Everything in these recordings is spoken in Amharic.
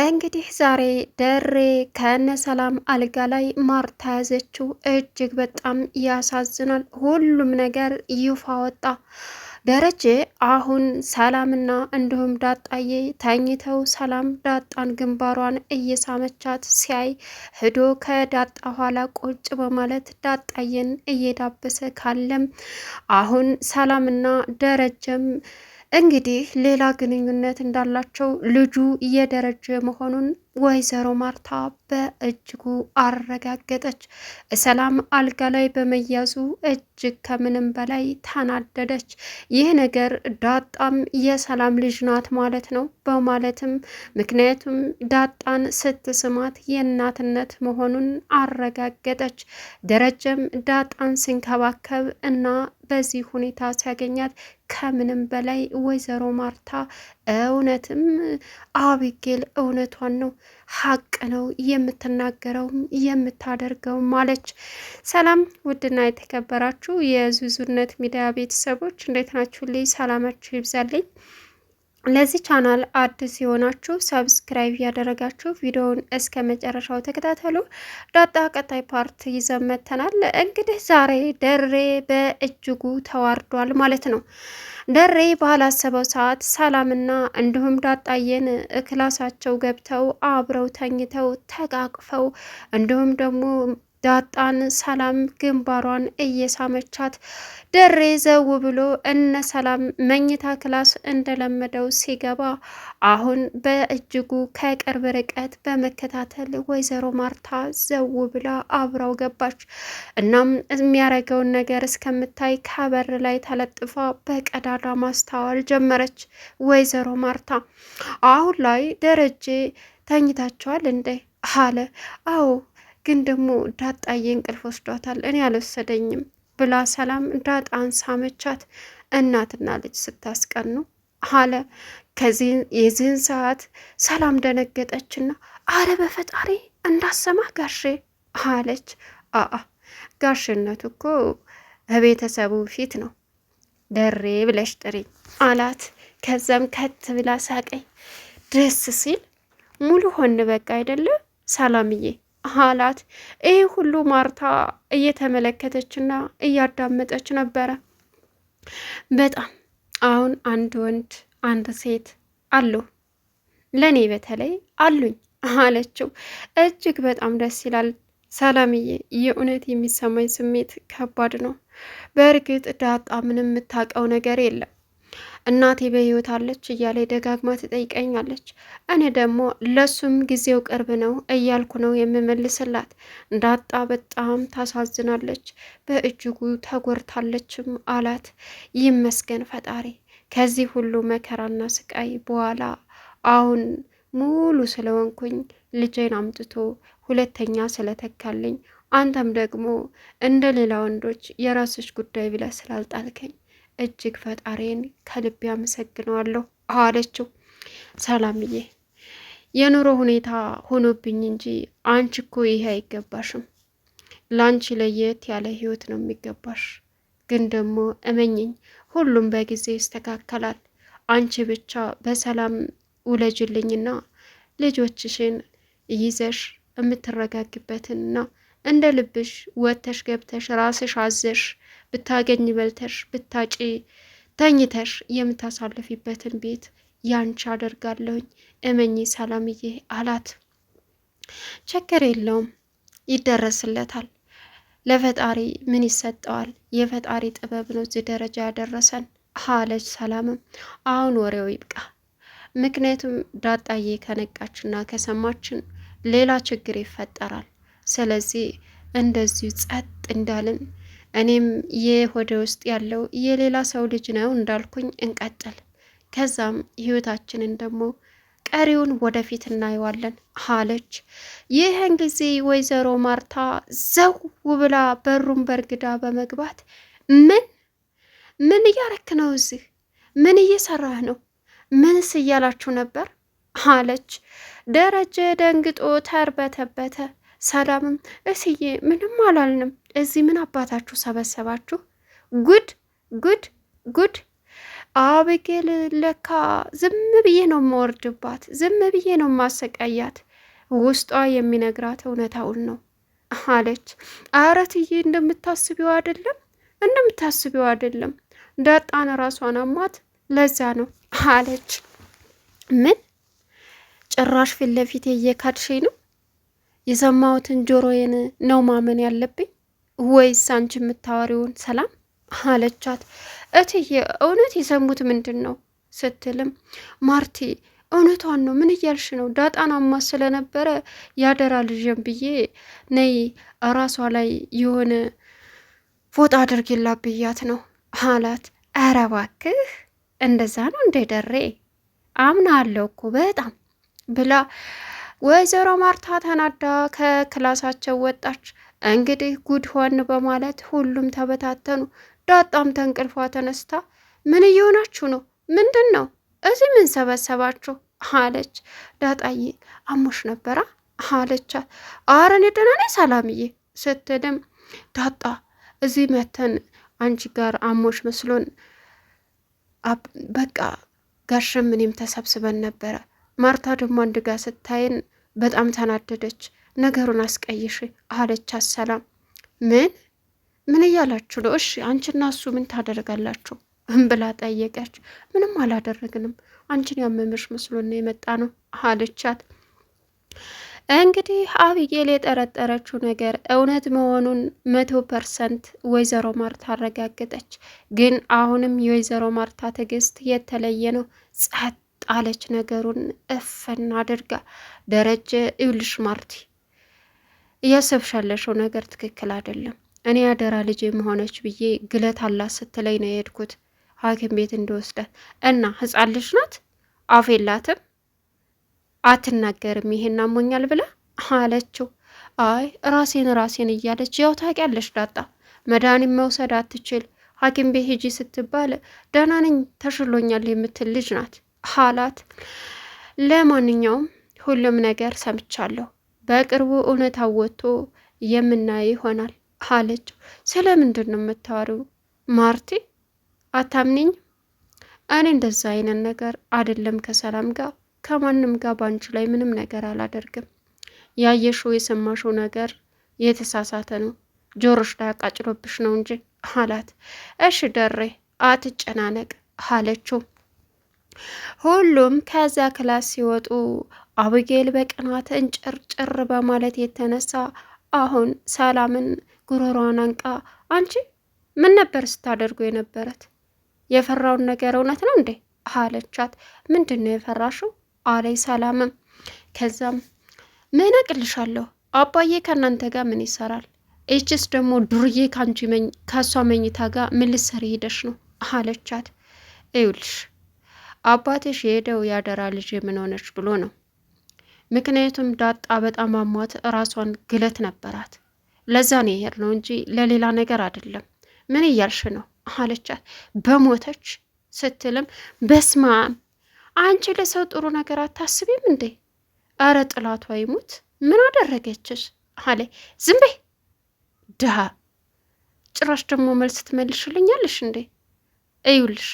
እንግዲህ ዛሬ ደሬ ከነ ሰላም አልጋ ላይ ማርታ ያዘችው እጅግ በጣም ያሳዝናል። ሁሉም ነገር ይፋ ወጣ። ደረጀ አሁን ሰላምና እንዲሁም ዳጣዬ ተኝተው ሰላም ዳጣን ግንባሯን እየሳመቻት ሲያይ ሂዶ ከዳጣ ኋላ ቁጭ በማለት ዳጣዬን እየዳበሰ ካለም አሁን ሰላምና ደረጀም እንግዲህ ሌላ ግንኙነት እንዳላቸው ልጁ እየደረጀ መሆኑን ወይዘሮ ማርታ በእጅጉ አረጋገጠች። ሰላም አልጋ ላይ በመያዙ እጅግ ከምንም በላይ ተናደደች። ይህ ነገር ዳጣም የሰላም ልጅ ናት ማለት ነው በማለትም ምክንያቱም ዳጣን ስትስማት የእናትነት መሆኑን አረጋገጠች። ደረጀም ዳጣን ሲንከባከብ እና በዚህ ሁኔታ ሲያገኛት ከምንም በላይ ወይዘሮ ማርታ እውነትም አቢጌል እውነቷን ነው፣ ሀቅ ነው የምትናገረውም የምታደርገውም ማለች። ሰላም ውድና የተከበራችሁ የዙዙነት ሚዲያ ቤተሰቦች እንዴት ልይ ሰላማችሁ ይብዛልኝ። ለዚህ ቻናል አዲስ የሆናችሁ ሰብስክራይብ ያደረጋችሁ ቪዲዮውን እስከ መጨረሻው ተከታተሉ። ዳጣ ቀጣይ ፓርት ይዘን መጥተናል። እንግዲህ ዛሬ ደሬ በእጅጉ ተዋርዷል ማለት ነው። ደሬ ባላሰበው ሰዓት ሰላምና እንዲሁም ዳጣየን እክላሳቸው ገብተው አብረው ተኝተው ተቃቅፈው እንዲሁም ደግሞ ዳጣን ሰላም ግንባሯን እየሳመቻት ደሬ ዘው ብሎ እነ ሰላም መኝታ ክላስ እንደለመደው ሲገባ አሁን በእጅጉ ከቅርብ ርቀት በመከታተል ወይዘሮ ማርታ ዘው ብላ አብራው ገባች። እናም የሚያረገውን ነገር እስከምታይ ከበር ላይ ተለጥፋ በቀዳዳ ማስተዋል ጀመረች። ወይዘሮ ማርታ አሁን ላይ ደረጀ ተኝታቸዋል እንዴ? አለ። አዎ ግን ደግሞ ዳጣዬ እንቅልፍ ወስዷታል እኔ አልወሰደኝም ብላ ሰላም ዳጣን ሳመቻት። እናትና ልጅ ስታስቀኑ አለ። የዚህን ሰዓት ሰላም ደነገጠችና አረ በፈጣሪ እንዳሰማ ጋሼ አለች። አአ ጋሽነቱ እኮ በቤተሰቡ ፊት ነው ደሬ ብለሽ ጥሪ አላት። ከዛም ከት ብላ ሳቀኝ። ደስ ሲል ሙሉ ሆን በቃ አይደለ ሰላምዬ አላት። ይህ ሁሉ ማርታ እየተመለከተችና እያዳመጠች ነበረ። በጣም አሁን አንድ ወንድ አንድ ሴት አሉ ለእኔ በተለይ አሉኝ አለችው። እጅግ በጣም ደስ ይላል ሰላምዬ፣ የእውነት የሚሰማኝ ስሜት ከባድ ነው። በእርግጥ ዳጣ ምንም የምታውቀው ነገር የለም እናቴ በህይወት አለች እያለ ደጋግማ ትጠይቀኛለች። እኔ ደግሞ ለሱም ጊዜው ቅርብ ነው እያልኩ ነው የምመልስላት። ዳጣ በጣም ታሳዝናለች፣ በእጅጉ ተጎድታለችም አላት። ይመስገን ፈጣሪ ከዚህ ሁሉ መከራና ስቃይ በኋላ አሁን ሙሉ ስለሆንኩኝ ልጄን አምጥቶ ሁለተኛ ስለተካልኝ አንተም ደግሞ እንደ ሌላ ወንዶች የራስሽ ጉዳይ ብለህ ስላልጣልከኝ እጅግ ፈጣሪን ከልቤ አመሰግነዋለሁ አለችው። ሰላምዬ የኑሮ ሁኔታ ሆኖብኝ እንጂ አንቺ እኮ ይሄ አይገባሽም። ለአንቺ ለየት ያለ ህይወት ነው የሚገባሽ። ግን ደግሞ እመኝኝ፣ ሁሉም በጊዜ ይስተካከላል። አንቺ ብቻ በሰላም ውለጅልኝና ልጆችሽን ይዘሽ የምትረጋግበትንና እንደ ልብሽ ወተሽ ገብተሽ ራስሽ አዘሽ ብታገኝ በልተሽ ብታጪ ተኝተሽ የምታሳልፊበትን ቤት ያንቺ አደርጋለሁኝ እመኚ ሰላምዬ አላት። ችግር የለውም ይደረስለታል። ለፈጣሪ ምን ይሰጠዋል? የፈጣሪ ጥበብ ነው እዚህ ደረጃ ያደረሰን አለች ሰላምም። አሁን ወሬው ይብቃ። ምክንያቱም ዳጣዬ ከነቃችና ከሰማችን ሌላ ችግር ይፈጠራል። ስለዚህ እንደዚሁ ጸጥ እንዳልን እኔም የሆደ ውስጥ ያለው የሌላ ሰው ልጅ ነው እንዳልኩኝ እንቀጥል። ከዛም ህይወታችንን ደግሞ ቀሪውን ወደፊት እናየዋለን አለች። ይህን ጊዜ ወይዘሮ ማርታ ዘው ብላ በሩን በርግዳ በመግባት ምን ምን እያረክ ነው? እዚህ ምን እየሰራህ ነው? ምንስ እያላችሁ ነበር? አለች። ደረጀ ደንግጦ ተርበተበተ። ሰላምም እስዬ ምንም አላልንም እዚህ ምን አባታችሁ ሰበሰባችሁ? ጉድ ጉድ ጉድ! አቤጌል ለካ ዝም ብዬ ነው የማወርድባት፣ ዝም ብዬ ነው የማሰቃያት። ውስጧ የሚነግራት እውነታውን ነው አለች። አረትዬ እንደምታስቢው አይደለም፣ እንደምታስቢው አይደለም። ዳጣን ራሷን አሟት፣ ለዛ ነው አለች። ምን ጭራሽ ፊት ለፊቴ እየካድሽ ነው? የሰማሁትን ጆሮዬን ነው ማመን ያለብኝ ወይስ አንቺ የምታወሪውን ሰላም አለቻት። እትዬ እውነት የሰሙት ምንድን ነው ስትልም ማርቲ እውነቷን ነው። ምን እያልሽ ነው? ዳጣናማ ስለነበረ ያደራ ልዥን ብዬ ነይ ራሷ ላይ የሆነ ፎጣ አድርጊላ ብያት ነው አላት። ኧረ እባክህ እንደዛ ነው እንደ ደሬ አምና አለው እኮ በጣም ብላ ወይዘሮ ማርታ ተናዳ ከክላሳቸው ወጣች። እንግዲህ ጉድ ሆን በማለት ሁሉም ተበታተኑ። ዳጣም ተንቅልፏ ተነስታ ምን እየሆናችሁ ነው? ምንድን ነው እዚህ ምን ሰበሰባችሁ? አለች። ዳጣዬ አሞሽ ነበራ አለቻት። ኧረ እኔ ደህና ነኝ ሰላምዬ ስትልም ዳጣ እዚህ መተን አንቺ ጋር አሞሽ መስሎን በቃ ጋሸም እኔም ተሰብስበን ነበረ። ማርታ ደግሞ አንድ ጋር ስታይን በጣም ተናደደች። ነገሩን አስቀይሽ አለቻት ሰላም። ምን ምን እያላችሁ ነው? እሺ አንቺና እሱ ምን ታደርጋላችሁ? ብላ ጠየቀች። ምንም አላደረግንም አንቺን ያመመሽ መስሎና የመጣ ነው አለቻት። እንግዲህ አብጌል የጠረጠረችው ነገር እውነት መሆኑን መቶ ፐርሰንት ወይዘሮ ማርታ አረጋገጠች። ግን አሁንም የወይዘሮ ማርታ ትዕግስት የተለየ ነው። ጸጥ አለች ነገሩን እፍን አድርጋ። ደረጀ ይኸውልሽ ማርቲ እያሰብሻለሽው ነገር ትክክል አይደለም። እኔ አደራ ልጄ መሆነች ብዬ ግለት አላት ስትለኝ ነው የሄድኩት ሐኪም ቤት እንደወስዳት እና ህፃን ልጅ ናት አፍ የላትም አትናገርም፣ ይሄን አሞኛል ብላ አለችው። አይ ራሴን ራሴን እያለች ያው ታውቂያለሽ ዳጣ መድኃኒት መውሰድ አትችል ሐኪም ቤት ሂጂ ስትባል ደህና ነኝ ተሽሎኛል የምትል ልጅ ናት አላት። ለማንኛውም ሁሉም ነገር ሰምቻለሁ በቅርቡ እውነት ወጥቶ የምናየው ይሆናል አለችው። ስለ ምንድን ነው የምታወሪው ማርቲ? አታምንኝ? እኔ እንደዛ አይነት ነገር አይደለም ከሰላም ጋር ከማንም ጋር ባንቺ ላይ ምንም ነገር አላደርግም። ያየሽው የሰማሽው ነገር የተሳሳተ ነው፣ ጆሮሽ ላይ አቃጭሎብሽ ነው እንጂ አላት። እሺ ደሬ አትጨናነቅ አለችው። ሁሉም ከዚያ ክላስ ሲወጡ አብጌል በቅናት እንጭርጭር በማለት የተነሳ አሁን ሰላምን ጉሮሯን አንቃ አንቺ ምን ነበር ስታደርጉ የነበረት? የፈራውን ነገር እውነት ነው እንዴ አለቻት። ምንድን ነው የፈራሽው? አለይ ሰላምም። ከዛም ምን አቅልሻለሁ አባዬ ከእናንተ ጋር ምን ይሰራል? ይችስ ደግሞ ዱርዬ ከአንቺ ከእሷ መኝታ ጋር ምን ልትሰሪ ሂደሽ ነው አለቻት። ይውልሽ አባትሽ የሄደው ያደራ ልጅ ምን ሆነች ብሎ ነው ምክንያቱም ዳጣ በጣም አሟት ራሷን ግለት ነበራት። ለዛ ነው የሄድ ነው እንጂ ለሌላ ነገር አይደለም። ምን እያልሽ ነው አለቻት። በሞተች ስትልም በስማም አንቺ ለሰው ጥሩ ነገር አታስቢም እንዴ? አረ ጥላቷ ይሙት ምን አደረገችሽ? አለ ዝም በይ ድሃ። ጭራሽ ደግሞ መልስ ትመልሽልኛለሽ እንዴ? እዩልሽ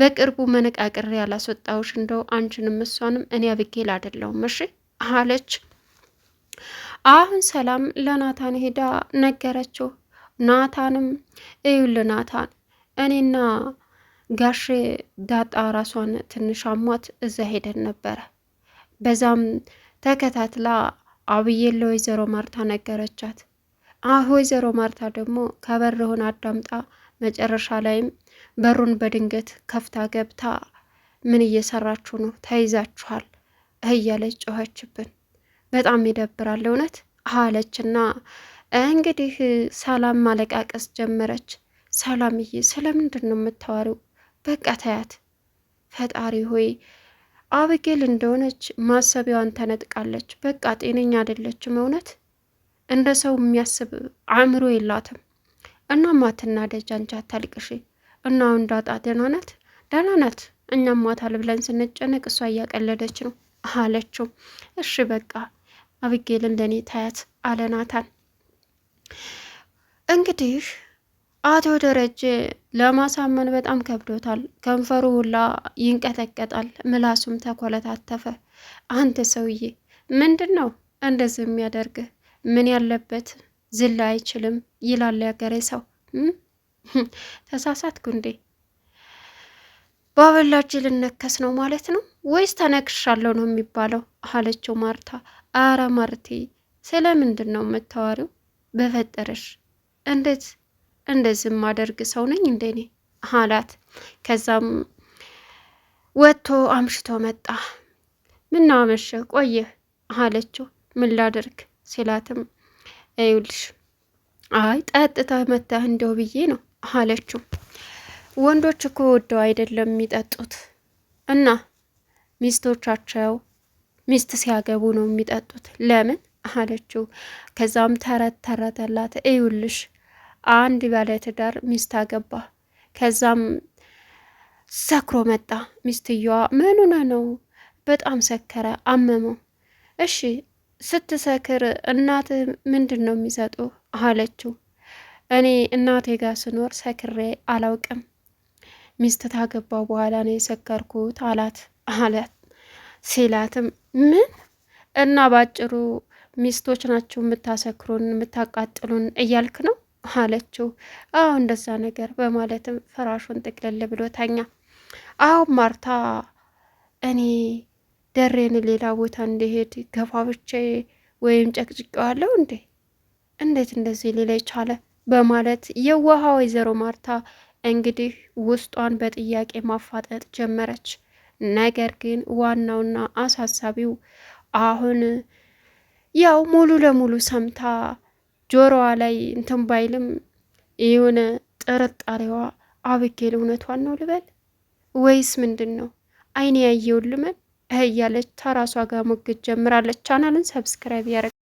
በቅርቡ መነቃቅር ያላስወጣውሽ እንደው አንቺንም እሷንም እኔ አብጌል አይደለሁም እሺ አለች። አሁን ሰላም ለናታን ሄዳ ነገረችው። ናታንም እዩል ናታን እኔና ጋሼ ዳጣ ራሷን ትንሽ አሟት እዛ ሄደን ነበረ። በዛም ተከታትላ አብዬን ለወይዘሮ ማርታ ነገረቻት። አሁ ወይዘሮ ማርታ ደግሞ ከበር ሆና አዳምጣ መጨረሻ ላይም በሩን በድንገት ከፍታ ገብታ ምን እየሰራችሁ ነው? ተይዛችኋል እያለች ጮኸችብን። በጣም ይደብራል እውነት አለችና እንግዲህ ሰላም ማለቃቀስ ጀመረች። ሰላምዬ ስለምንድን ነው የምታዋሪው? በቃ ተያት። ፈጣሪ ሆይ አብጌል እንደሆነች ማሰቢያዋን ተነጥቃለች። በቃ ጤነኛ አይደለችም። እውነት እንደ ሰው የሚያስብ አእምሮ የላትም። እና ማትና ደጃንቻ እንጂ አታልቅሽ። እና አሁን ዳጣ ደህና ናት? ደህና ናት። እኛም ሟታል ብለን ስንጨነቅ እሷ እያቀለደች ነው አለችው። እሺ በቃ አብጌልን ለእኔ ታያት አለ ናታን። እንግዲህ አቶ ደረጀ ለማሳመን በጣም ከብዶታል። ከንፈሩ ሁላ ይንቀጠቀጣል፣ ምላሱም ተኮለታተፈ። አንተ ሰውዬ ምንድን ነው እንደዚህ የሚያደርግህ? ምን ያለበት ዝላ አይችልም ይላል ያገሬ ሰው። ተሳሳትኩ እንዴ? በአበላጅ ልነከስ ነው ማለት ነው ወይስ ተነክሻለሁ ነው የሚባለው? አለችው ማርታ። አረ ማርቴ ምንድን ነው የምታዋሪው? በፈጠረሽ እንዴት እንደዚህ ማደርግ ሰው ነኝ እንደኔ አላት። ከዛም ወጥቶ አምሽቶ መጣ። ምናመሸ ቆየህ አለችው። ምን ላደርግ ሲላትም ይውልሽ አይ ጠጥታ መታህ እንደው ብዬ ነው አለችው። ወንዶች እኮ ወደው አይደለም የሚጠጡት እና ሚስቶቻቸው ሚስት ሲያገቡ ነው የሚጠጡት። ለምን አለችው። ከዛም ተረት ተረተላት። እዩልሽ አንድ ባለትዳር ሚስት አገባ። ከዛም ሰክሮ መጣ። ሚስትየዋ ምኑነ ነው በጣም ሰከረ፣ አመመው። እሺ ስትሰክር እናት ምንድን ነው የሚሰጡ አለችው። እኔ እናቴ ጋር ስኖር ሰክሬ አላውቅም፣ ሚስት ታገባው በኋላ ነው የሰከርኩት አላት አላት ሲላትም ምን እና ባጭሩ ሚስቶች ናቸው የምታሰክሩን የምታቃጥሉን እያልክ ነው አለችው። አዎ እንደዛ ነገር በማለትም ፍራሹን ጥቅልል ብሎ ተኛ። አሁን ማርታ እኔ ደሬን ሌላ ቦታ እንዲሄድ ገፋብቼ ወይም ጨቅጭቄዋለሁ እንዴ? እንዴት እንደዚህ ሌላ ይቻለ? በማለት የዋሃ ወይዘሮ ማርታ እንግዲህ ውስጧን በጥያቄ ማፋጠጥ ጀመረች። ነገር ግን ዋናውና አሳሳቢው አሁን ያው ሙሉ ለሙሉ ሰምታ ጆሮዋ ላይ እንትን ባይልም የሆነ ጥርጣሬዋ አብጌል እውነቷን ነው ልበል ወይስ ምንድን ነው? አይኔ ያየውን ልመን እያለች ከራሷ ጋር ሙግት ጀምራለች። ቻናልን ሰብስክራይብ ያደረግ